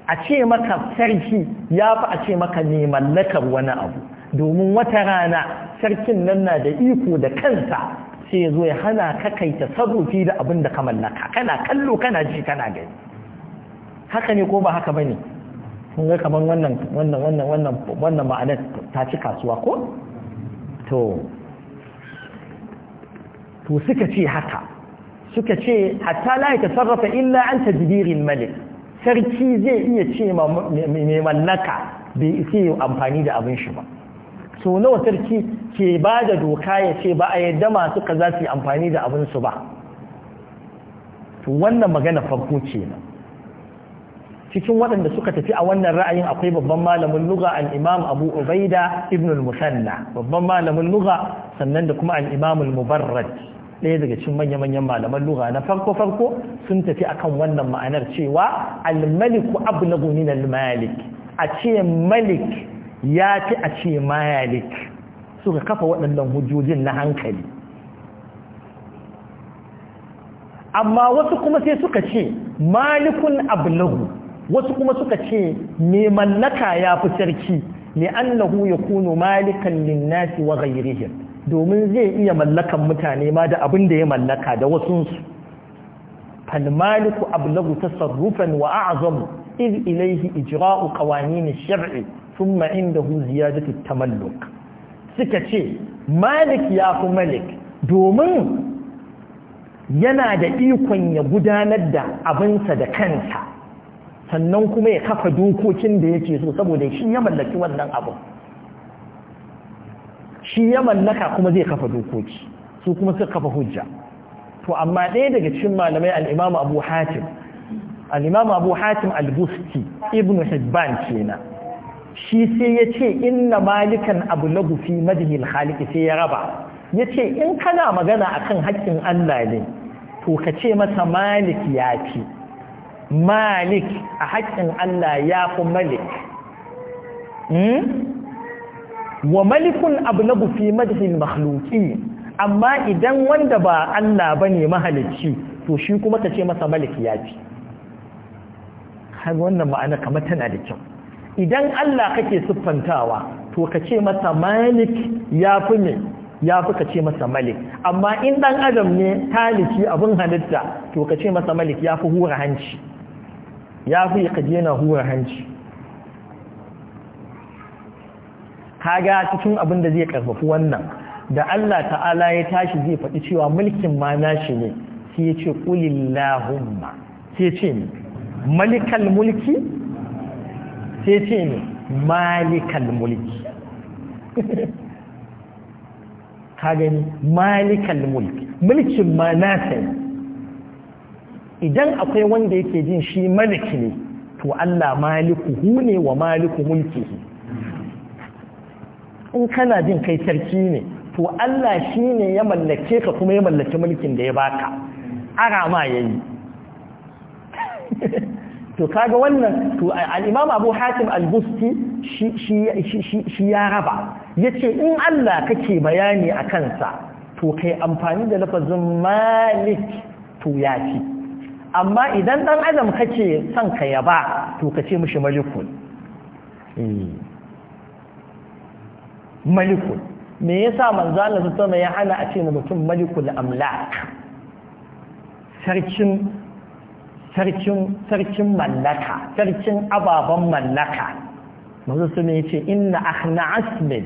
a ce maka sarki ya fi a ce maka ne mallakar wani abu domin wata rana sarkin nan na da iko da kansa sai ya zo ya hana ka kai sarrufi da abin da ka mallaka kana kallo kana ji kana gani haka ne ko ba haka bane kun ga kaman wannan wannan wannan wannan wannan ma'ana ta ci kasuwa ko to to suka ce haka suka ce hatta la yatasarrafa illa an tadbirin malik sarki zai iya ce mai mallaka bai isa amfani da abin shi ba so nawa sarki ke ba da doka ya ce ba a yadda masu za su yi amfani da su ba to wannan magana farko ce na. cikin waɗanda suka tafi a wannan ra'ayin akwai babban malamin luga Al'imam abu ubaida ibn al-musanna babban malamin luga sannan da kuma Al'imam al-mubarrad ɗaya daga cikin manya-manyan malaman luga na farko-farko sun tafi akan wannan ma'anar cewa al-maliku na al-malik a ce malik ya fi a ce mayalik suka kafa waɗannan hujjojin na hankali amma wasu kuma sai suka ce malikun ablahu wasu kuma suka ce mai mallaka ya fi sarki ya yakunu malikan linnasi wa ghayrihim domin zai iya mallakan mutane ma da abin da ya mallaka da wasunsu fal maliku ta tasarrufan wa a'zamu iz ilayhi ijra'u qawanin shari ثم عنده suka ce malik ya fi malik domin yana da ikon ya gudanar da abinsa da kansa sannan kuma ya kafa dokokin da yake so saboda shi ya mallaki wannan abu shi ya mallaka kuma zai kafa dokoki su kuma suka kafa hujja to amma ɗaya daga cikin malamai al'imamu abu hatim al'imamu abu hatim al-busti ibn hibban kenan shi sai ya ce inna malikan abu na gufi madhil khaliki sai ya raba ya ce in kana magana akan haƙƙin Allah ne to ka ce masa malik ya fi malik a haƙƙin Allah ya fi malik hmm? wa malikun abu na gufi madhil makhluki amma idan wanda ba Allah ba ne mahalicci to shi kuma ka ce masa malik ya fi har wannan ma'ana kamar tana da kyau idan Allah kake siffantawa to ka ce masa malik ya fi ne ya fi ka ce masa malik amma in dan adam ne taliki abin halitta to ka ce masa malik ya fi hura hanci ya fi ka je na hura hanci kaga cikin abin da zai karfafi wannan da Allah ta'ala ya tashi zai faɗi cewa mulkin ma nashi ne sai ya ce kulillahumma sai ya ce malikal mulki sai ce ne malikal mulki (laughs) ka gani malikal mulki mulkin ma nasa idan akwai wanda yake jin shi maliki ne to Allah Maliku ne wa maliku mulki in kana jin kai sarki ne to Allah shi ne ya mallake ka kuma ya mallaki mulkin da ya baka ara ma yayi (laughs) to kaga wannan to al-imam abu hatim al-busti shi ya raba ya ce in allah kake bayani a kansa to kai amfani da lafazin malik to ya ci amma idan dan adam kake son ka yaba to kace mishi malikul eh. malikul me yasa manzo Allah ya hana a ce mutum malikul amlak sarkin sarkin mallaka sarkin ababen mallaka mazu su ne inna ahna asmin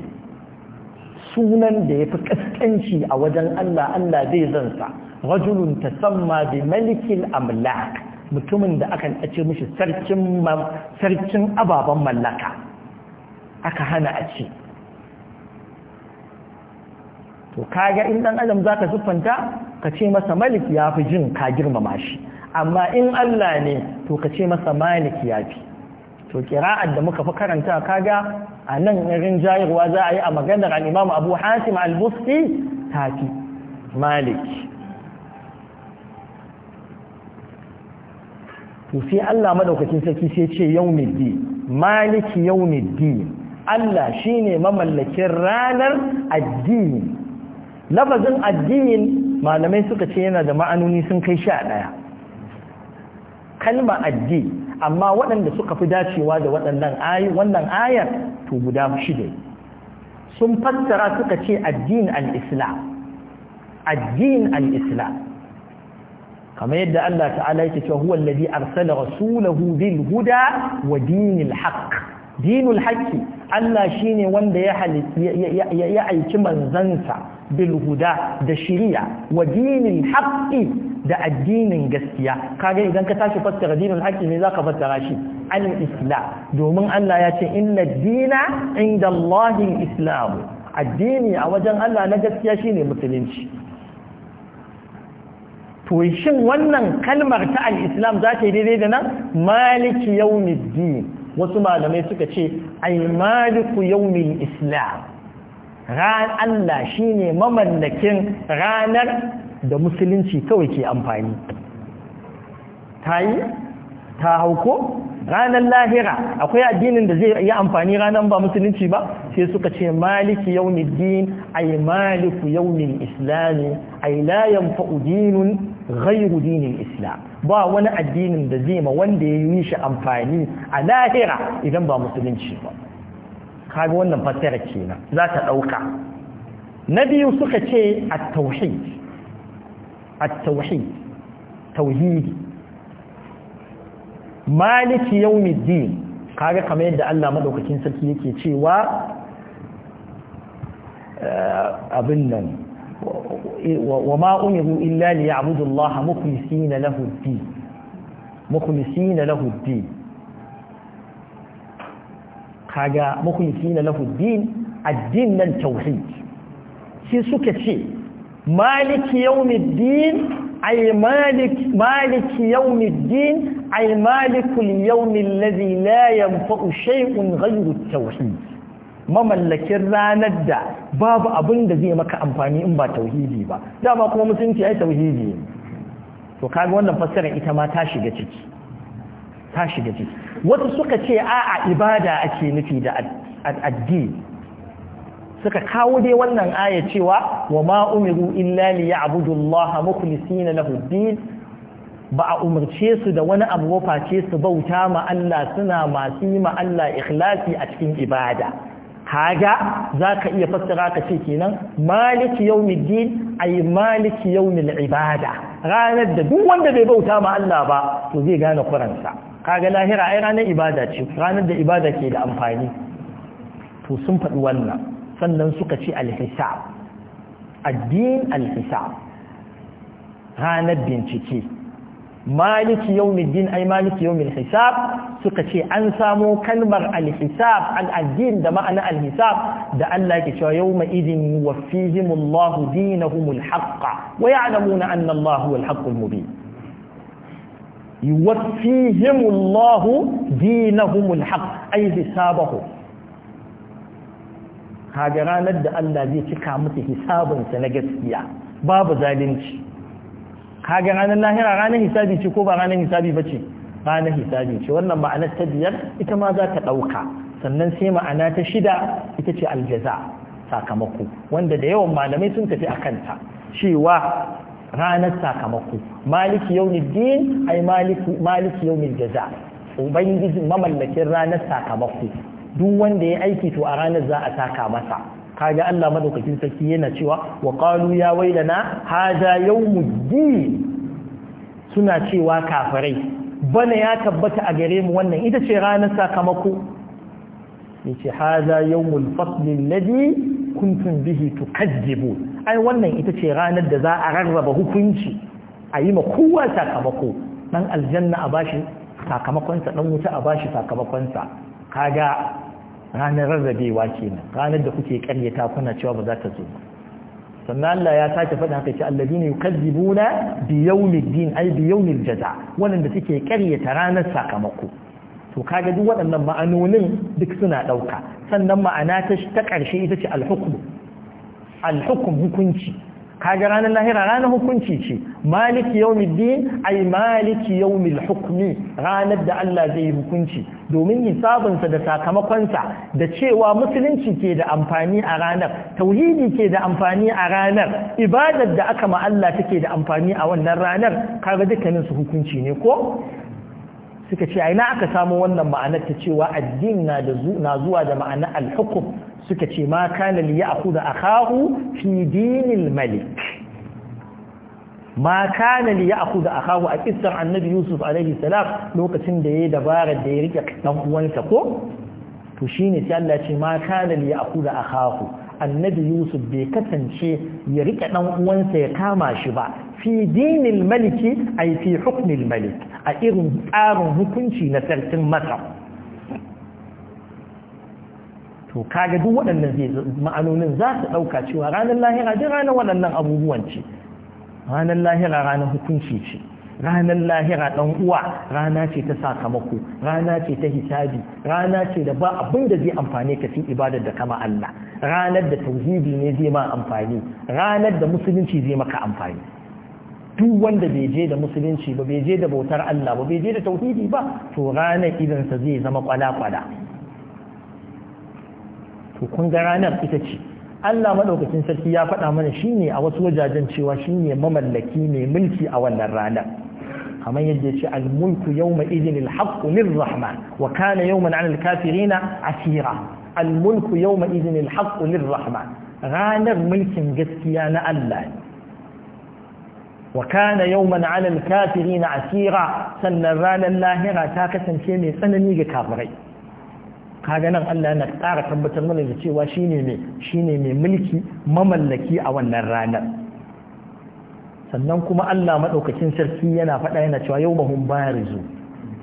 sunan da yafi kaskanci a wajen Allah Allah zai zansa rajulun ta samma bi malikil amlak mutumin da aka ce mishi sarkin ababen mallaka aka hana a ce to kaga in dan adam zaka siffanta ka ce masa malik ya fi jin ka girmama shi amma in Allah ne to ka ce masa malik ya fi to kira'ar da muka fi karanta kaga a nan irin jayarwa za a yi a maganar al'imam abu hasim al-busti fi, malik to sai Allah madaukakin sarki sai ce yau yau yau yawmiddi Allah shi ne mamallakin ranar addini lafazin addini malamai suka ce yana da ma'anoni sun kai sha ɗaya kalma addi amma waɗanda suka fi dacewa da waɗannan ayi wannan ayar to guda shida sun fassara suka ce addin al-islam addin al-islam kamar yadda Allah ta'ala yake cewa huwa alladhi arsala rasulahu bil huda wa dinil haqq dinul haqqi Allah shine wanda ya ya aiki manzansa bil huda da shiriya wa dinil da addinin gaskiya ga idan ka tashi fassara dinin haƙƙi ne zaka fassara shi al islam domin Allah ya ce inna dina inda Allahi islam addini a wajen Allah na gaskiya shine musulunci to shin wannan kalmar ta al islam za ta yi daidai da nan maliki yawmiddin wasu malamai suka ce ay maliku yawmil islam ran Allah ne mamallakin ranar da musulunci kawai ke amfani ta yi ta hauko ranar lahira akwai addinin da zai yi amfani ranar ba musulunci ba sai suka ce maliki yaunin din ai maliku yaunin islami ai la yanfa'u dinun ghayru islam ba wani addinin da zai ma wanda ya yi shi amfani a lahira idan ba musulunci ba kaga wannan fasira kenan za ta ɗauka na biyu suka ce at-tauhid at-tauhid tauhidi maliki yawmiddin kaga kamar yadda Allah madaukakin sarki yake cewa eh, abin nan wa ma umiru illa liya'budu Allah mukhlisina lahu ad mukhlisina lahu kaga mukhlisina na din addin nan tauhid shi suka ce maliki yawmiddin ay malik maliki yawmiddin ay malikul yawmi alladhi la yanfa'u shay'un ghayru at-tauhid mamallakin ranar da babu abin da zai maka amfani in ba tauhidi ba dama kuma mutunci ai tauhidi to kaga wannan fassara ita ma ta shiga ciki ta shiga ciki wasu suka ce a'a ibada ake nufi da addini suka kawo dai wannan aya cewa wa ma umiru illa li ya'budu Allah mukhlisina lahu din ba a umarce su da wani abu face su bauta ma Allah suna masu yi ma Allah ikhlasi a cikin ibada kaga zaka iya fassara ka ce kenan maliki yawmiddin ay maliki yawmil ibada ranar da duk wanda bai bauta ma Allah ba to zai gane kuransa kaga lahira ai ranar ibada ce ranar da ibada ke da amfani to sun faɗi wannan sannan suka ce alhisab addin alhisab ranar bincike maliki yawmin din ai maliki yawmin hisab suka ce an samo kalmar alhisab addin da ma'ana alhisab da Allah ke cewa yawma idin yuwaffihimullahu dinahumul haqqa wa ya'lamuna anna Allahu al-haqqul mubin yuwaffihim Allah dinahumul haqq ay hisabahu kaga ranar da Allah zai cika musu hisabinsa na gaskiya babu zalunci kaga ranar lahira ranar hisabi ce ko ba ranar hisabi bace ranar hisabi ce wannan ma'anar ta biyar ita ma za ta dauka sannan sai ma'ana ta shida ita ce aljaza sakamako wanda da yawan malamai sun tafi a kanta cewa ranar sakamako maliki yawmiddin ai maliki yau yawmil jaza ubangiji mamallakin ranar sakamako duk wanda ya aiki to a ranar za a saka masa kaga Allah madaukakin sarki yana cewa wa qalu ya wailana hada yawmuddin suna cewa kafirai bana ya tabbata a gare mu wannan ita ce ranar sakamako yace hada yawmul fasl alladhi Kuntun bihi tukazzibu ai wannan ita ce ranar da za a rarraba hukunci a yi ma kowa sakamako dan aljanna a bashi sakamakonsa dan wuta a bashi sakamakonsa kaga ranar rarrabewa kenan ranar da kuke karyata kuna cewa ba za ta zo ba. sannan Allah ya sake faɗa haka ce alladina yukazzibuna bi yawmiddin ay bi yawmil jaza wannan da suke karyata ranar sakamako to kaga duk waɗannan ma'anonin duk suna ɗauka sannan ma'ana ta ƙarshe ita ce alhukum alhukum hukunci kaga ranar lahira ranar hukunci ce maliki yawmin din ai maliki yawmin hukmi ranar da Allah zai yi hukunci domin hisabinsa da sakamakonsa da cewa musulunci ke da amfani a ranar tauhidi ke da amfani a ranar ibadar da aka ma Allah take da amfani a wannan ranar kaga dukkanin su hukunci ne ko suka ce ina aka samo wannan ma'anar ta cewa addini na zuwa da ma'anar alhukum suka ce ma kana li ya'khudha akahu fi dinil malik ma kana li ya'khudha akahu a kissar annabi yusuf alaihi salam lokacin da yayi dabarar da ya rike dan uwansa ko to shine sai Allah ce ma kana li ya'khudha akahu annabi yusuf bai kasance ya rike dan uwansa ya kama shi ba fi dinil maliki ay fi hukmil malik a irin tsarin hukunci na sarkin masar to kaga duk waɗannan ma'anonin za su ɗauka cewa ranar lahira duk ranar waɗannan abubuwan ce ranar lahira ranar hukunci ce ranar lahira ɗan uwa rana ce ta sakamako rana ce ta hisabi rana ce da ba abin da zai amfani ka cin ibadar da kama Allah ranar da tauhidi ne zai ma amfani ranar da musulunci zai maka amfani duk wanda bai je da musulunci ba bai je da bautar Allah ba bai je da tauhidi ba to ranar idansa zai zama kwala-kwala to kun ga ranar ita ce Allah madaukakin sarki ya faɗa mana shine a wasu wajajen cewa shine mamallaki ne mulki a wannan ranar kamar yadda ya ce al-mulku yawma idhin al-haqqu rahman wa kana yawman 'ala al-kafirina asira al-mulku yawma idhin al rahman ranar mulkin gaskiya na Allah ne wa yau yawman 'ala al asira sannan ranar lahira ta kasance mai tsanani ga kafirai kaga nan Allah yana ƙara tabbatar mana da cewa shine mai shine mai mulki mamallaki a wannan ranar sannan kuma Allah madaukakin sarki yana faɗa yana cewa yawmahum barizu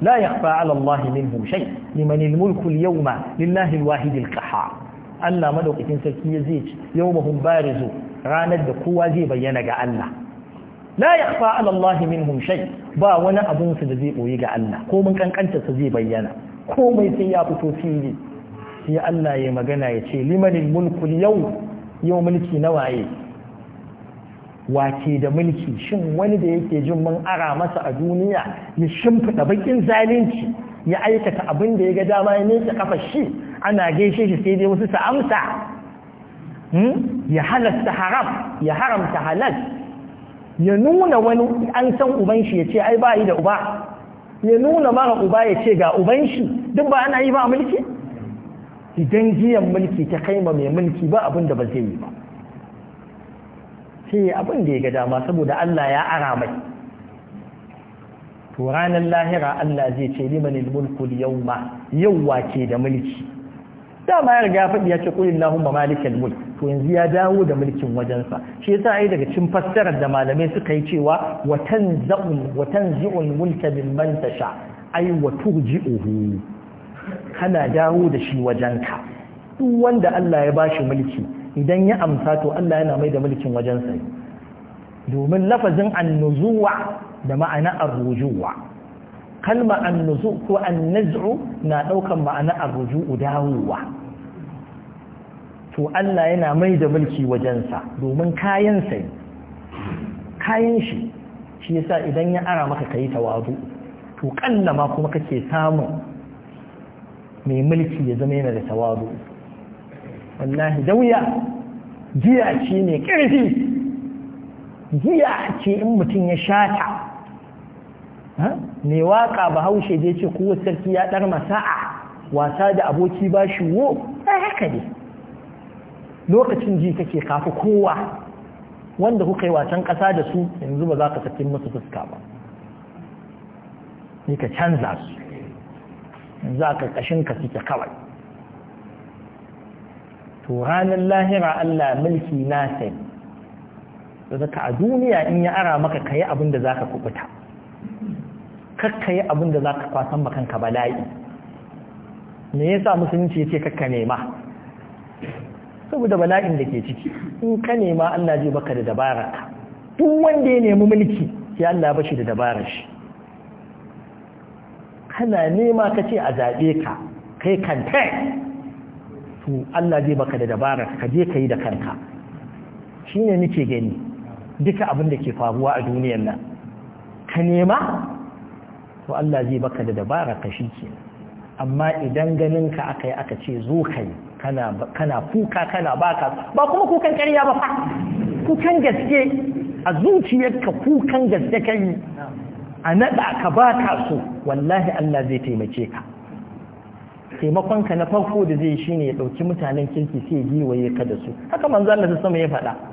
لا يخفى على الله منهم شيء لمن الملك اليوم لله الواحد Allah madaukakin sarki ya zai yawmahum barizu ranar da kowa zai bayyana ga Allah la yakhfa ala Allah minhum shay ba wani abun su da zai boye ga Allah ko mun kankanta su zai bayyana komai sai ya fito fili sai Allah ya magana ya ce limanil mulku yau yau mulki na waye wace da mulki shin wani da yake jin mun ara masa a duniya ya shimfida bakin zalunci ya aikata abin da ya ga dama ya nesa kafar shi ana gaishe shi sai dai wasu sa amsa hmm? ya halasta haram ya haramta halal ya nuna wani an san uban shi ya ce ai ba yi da uba ya nuna mara uba ya ce ga uban shi duk ba ana yi ba a mulki idan giyan mulki ta kai ma mai mulki ba abin da ba zai yi ba sai abin da ya ga dama saboda Allah ya ara mai to ranar lahira Allah zai ce limanil mulku yawma yawwa ke da mulki dama ya riga faɗi ya ce kulin Allahumma malikal mulk to yanzu ya dawo da mulkin wajensa shi yasa ai daga cikin fassarar da malamai suka yi cewa wa tanza'un wa tanzi'ul mulka tasha ai wa kana dawo da shi wajenka duk wanda Allah ya bashi mulki idan ya amsa to Allah yana mai da mulkin wajensa domin lafazin annuzuwa da ma'ana arrujuwa kalma nuzu ko annaz'u na daukan ma'ana a arruju'u dawowa to Allah yana mai da mulki wajensa domin kayan ne. kayan shi shi yasa idan ya ara maka kai tawadu to kallama kuma kake samun mai mulki ya zama yana da tawazu wallahi dauya jiya ce mai kirfi jiya ce in mutum ya shata mai waka bahaushe da ce kowa sarki ya ɗar masa'a wasa da aboki ba shi wo ɗan haka ne lokacin ji kake kafa kowa wanda kuka yi wasan ƙasa da su yanzu ba za ka sakin musu fuska ba ni ka canza su ka ƙashin ka suke kawai to ranar lahira Allah mulki na sai da a duniya in ya ara maka ka yi abin da za ka kubuta kakka yi abin da za ka kwasan makanka bala'i me sa musulunci ya ce kakka nema saboda bala'in da ke ciki in ka nema Allah zai baka da dabara ka duk wanda ya nemi mulki ya Allah bashi da dabara shi kana nema ka ce a zaɓe ka kai kanta to Allah zai baka da dabara ka je ka yi da kanka Shi ne nake gani duka abin da ke faruwa a duniyar nan ka nema to Allah zai baka da dabara ka shi ke amma idan ganin ka aka yi aka ce zo kai kana kuka kana baka ba kuma kukan ƙarya ba fa kukan gaske a zuciyarka kukan gaske kai a naɗa ka baka so wallahi Allah zai taimake ka taimakonka na farko da zai shine ya ɗauki mutanen kirki sai giwaye ka da su haka manzo Allah sama ya faɗa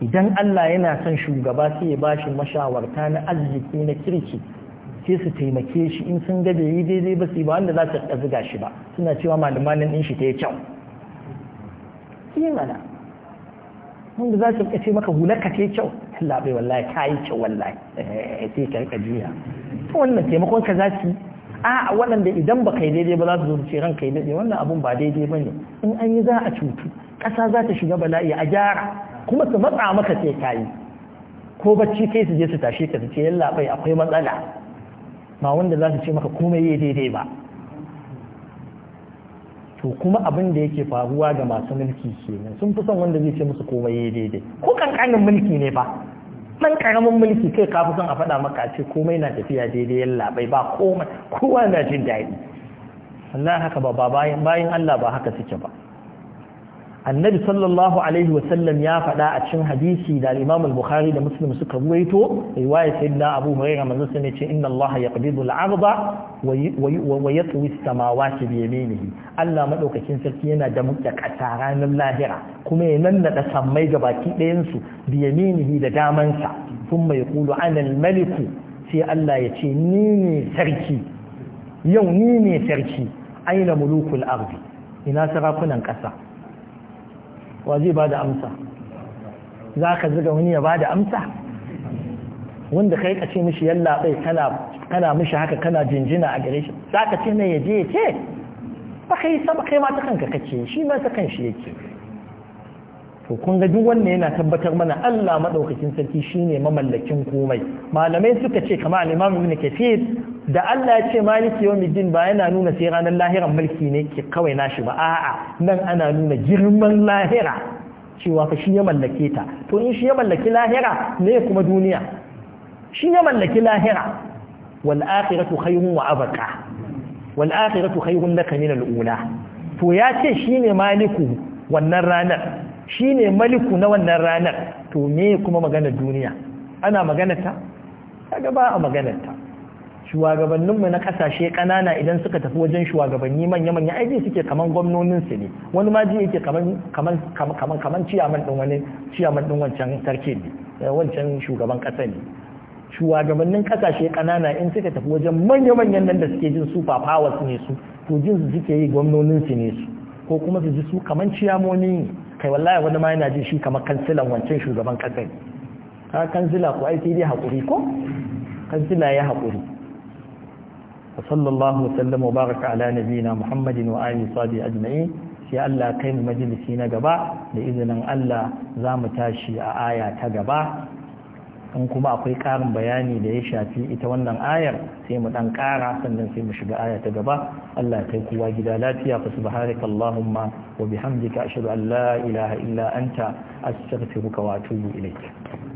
idan Allah yana son shugaba sai ya bashi mashawarta na arziki na kirki sai su taimake shi in sun ga bai yi daidai ba su ba wanda za su zuga shi ba suna cewa malamanin din shi ta yi kyau yi mana wanda za su ce maka hulaka ta yi kyau labai wallahi ka yi kyau wallahi eh, eh, sai ka rika juya to wannan taimakon ka za su a waɗanda idan ba kai daidai ba za su zo ce ranka yi daidai wannan abun ba daidai ba ne in an yi za a cutu ƙasa za ta shiga bala'i a gyara kuma su matsa maka sai yi. ko bacci kai su je su tashe ka su ce yalla bai akwai matsala ba wanda za su ce maka komai ya daidai ba to kuma abin da yake faruwa ga masu mulki kenan sun fi son wanda zai ce musu komai ya daidai ko kankanin mulki ne ba dan karamin mulki kai ka fi son a faɗa maka ce komai na tafiya daidai yalla bai ba komai kowa na jin daɗi Allah haka ba bayan Allah ba haka suke ba annabi sallallahu alaihi wasallam ya faɗa a cikin hadisi da imam al-bukhari da muslim suka ruwaito riwaya sayyidina abu hurairah manzo sai ne ce inna allah yaqbidu al-arda wa yatwi as-samawati bi yaminihi allah madaukakin sarki yana da mutta kasa ranar lahira kuma ya nannada sammai ga baki ɗayan su bi yaminihi da damansa thumma yaqulu ana al-maliku sai allah ya ce ni ne sarki yau ni ne sarki aina mulukul ardi ina sarakunan ƙasa wa zai ba da amsa za ka ziga wani ya ba da amsa wanda kai ka ce mishi yalla bai kana mishi haka kana jinjina a gare shi za ka ce mai yaje ya ce ba kai ma ta kanka kace shi ma ta kan shi yake to kun ga duk wannan yana tabbatar mana Allah madaukakin sarki shine mamallakin komai malamai suka ce kamar al-Imam Ibn Kathir da Allah ya ce maliki yawmiddin ba yana nuna sai ranar lahiran mulki ne ke kawai nashi ba a'a nan ana nuna girman lahira cewa fa shi ya mallake ta to in shi ya mallaki lahira ne kuma duniya shi ya mallaki lahira wal akhiratu khayrun wa abqa wal akhiratu khayrun laka min al-ula to ya ce shine maliku wannan ranar Shi ne maliku na wannan ranar to me kuma magana duniya ana magana ta kaga ba a magana ta shugabanninmu na kasashe kanana idan suka tafi wajen shugabanni manya-manya aiki suke kaman su ne wani ma ji yake kaman ciyaman ɗin wani ciyaman ɗin wancan sarki ne eh, wancan shugaban ƙasa ne shugabannin kasashe kanana in suka tafi wajen manya-manyan nan da suke jin su powers ne su to jin su suke yi su ne su ko kuma su ji su kaman ciyamoni ne kai wallahi wani ma yana ji shi kamar kansilan wancan shugaban kasa ne. ka kansila ko aiki dai hakuri ko kansila ya hakuri. sallallahu wasallam wa baraka ala nabiyina muhammadin wa alihi sabi ajma'in sai Allah kai mu majalisi na gaba da izinin Allah za mu tashi a aya ta gaba in kuma akwai ƙarin bayani da ya shafi ita wannan ayar sai mu dan ƙara sannan sai mu shiga aya ta gaba Allah kai kuwa gida lafiya fa subhanaka allahumma wa bihamdika ashhadu an la ilaha illa anta astaghfiruka wa atubu ilayk